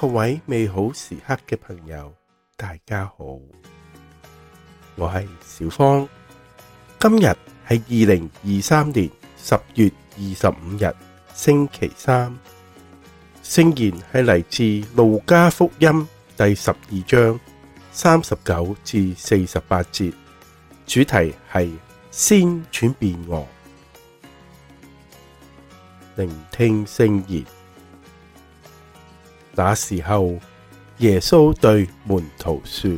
各位美好時刻嘅朋友，大家好，我係小芳。今日係二零二三年十月二十五日，星期三。聖言係嚟自路加福音第十二章三十九至四十八節，主題係先轉變我。聆聽聖言。那時候，耶穌對門徒說：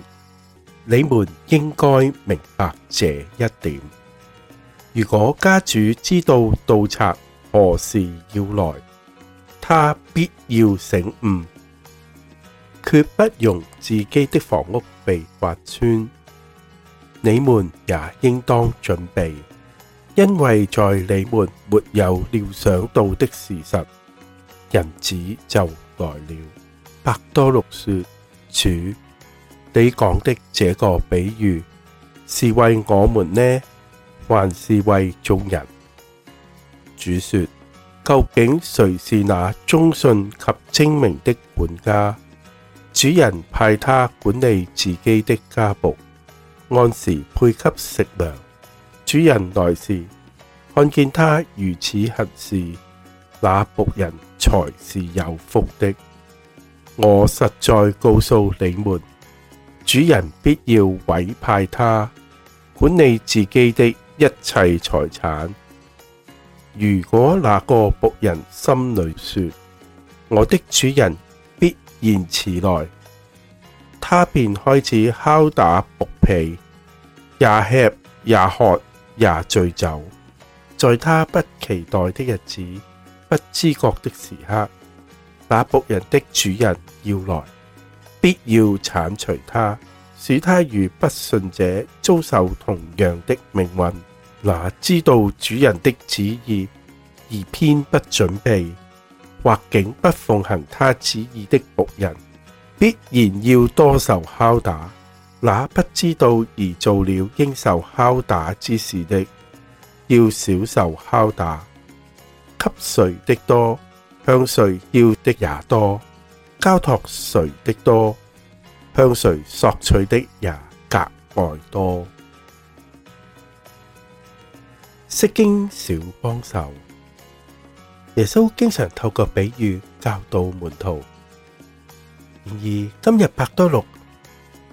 你們應該明白這一點。如果家主知道盜賊何時要來，他必要醒寤，決不容自己的房屋被挖穿。你們也應當準備，因為在你們沒有料想到的時辰，人子就來了，伯多祿說：主，你講的這個比喻是為我們呢，還是為眾人？主說：究竟誰是那忠信及精明的管家？主人派他管理自己的家僕，按時配給食糧。主人來時，看見他如此行事，那僕人。才是有福的。我實在告訴你們，主人必要委派他管理自己的一切財產。如果那個僕人心裏說：我的主人必然遲來，他便開始拷打僕婢，也吃也喝也醉酒，在他不期待的日子。不知覺的時刻，那僕人的主人要來，必要鏟除他，使他如不信者遭受同樣的命運。那知道主人的旨意而偏不準備，或竟不奉行他旨意的僕人，必然要多受拷打。那不知道而做了應受拷打之事的，要少受拷打。給誰的多，向誰要的也多；交託誰的多，向誰索取的也格外多。釋經小幫手，耶穌經常透過比喻教導門徒。然而，今日伯多祿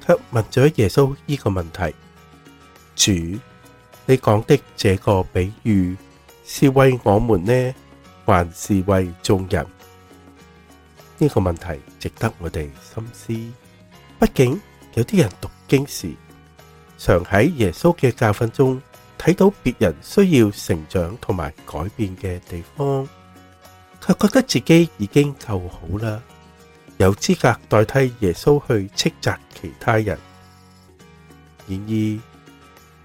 卻問咗耶穌呢個問題：主，你講的這個比喻，是為我們呢，還是為眾人？呢、這個問題值得我哋深思。畢竟有啲人讀經時，常喺耶穌嘅教訓中睇到別人需要成長同埋改變嘅地方，卻覺得自己已經夠好啦，有資格代替耶穌去斥責其他人。然而，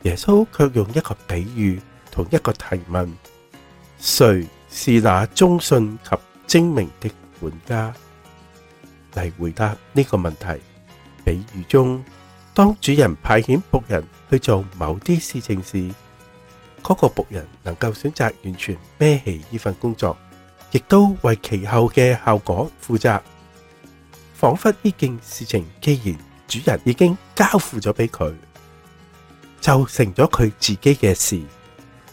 耶穌卻用一個比喻。同一個提問，誰是那忠信及精明的管家？嚟回答呢個問題。比喻中，當主人派遣僕人去做某啲事情時，嗰個僕人能夠選擇完全孭起呢份工作，亦都為其後嘅效果負責，仿佛呢件事情既然主人已經交付咗俾佢，就成咗佢自己嘅事。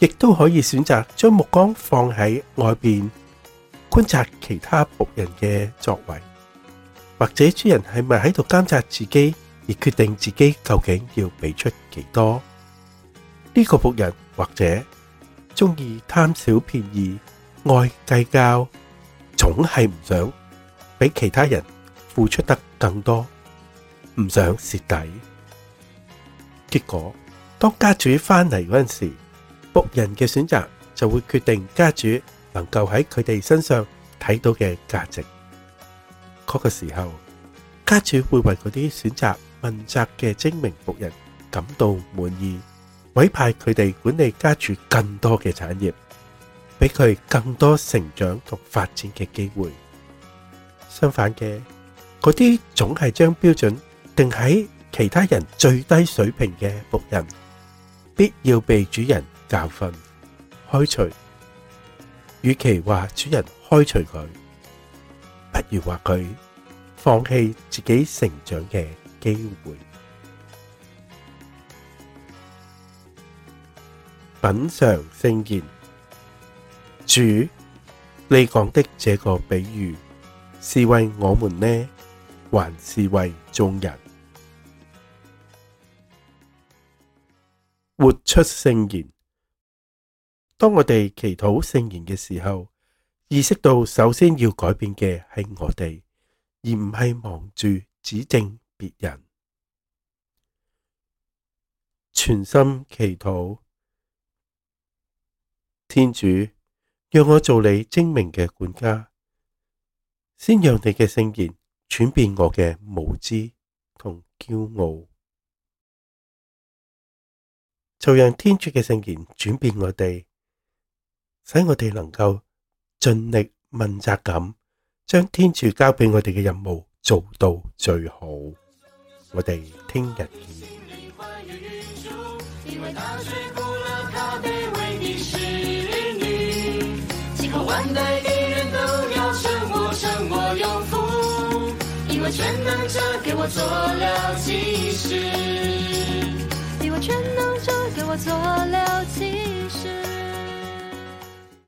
亦都可以選擇將目光放喺外邊，觀察其他僕人嘅作為，或者主人係咪喺度監察自己，而決定自己究竟要俾出幾多。呢個僕人或者中意貪小便宜、愛計較，總係唔想俾其他人付出得更多，唔想蝕底。結果當家主翻嚟嗰陣時。僕人嘅選擇就會決定家主能夠喺佢哋身上睇到嘅價值。嗰個時候，家主會為嗰啲選擇問責嘅精明僕人感到滿意，委派佢哋管理家主更多嘅產業，俾佢更多成長同發展嘅機會。相反嘅，嗰啲總係將標準定喺其他人最低水平嘅僕人，必要被主人。教訓、開除。與其話主人開除佢，不如話佢放棄自己成長嘅機會。品嘗聖言，主，你講的這個比喻是為我們呢，還是為眾人？活出聖言。當我哋祈禱聖言嘅時候，意識到首先要改變嘅係我哋，而唔係忙住指正別人。全心祈禱，天主，讓我做你精明嘅管家，先讓你嘅聖言轉變我嘅無知同驕傲，就讓天主嘅聖言轉變我哋。使我哋能夠盡力問責咁，將天主交俾我哋嘅任務做到最好。我哋聽日見。嗯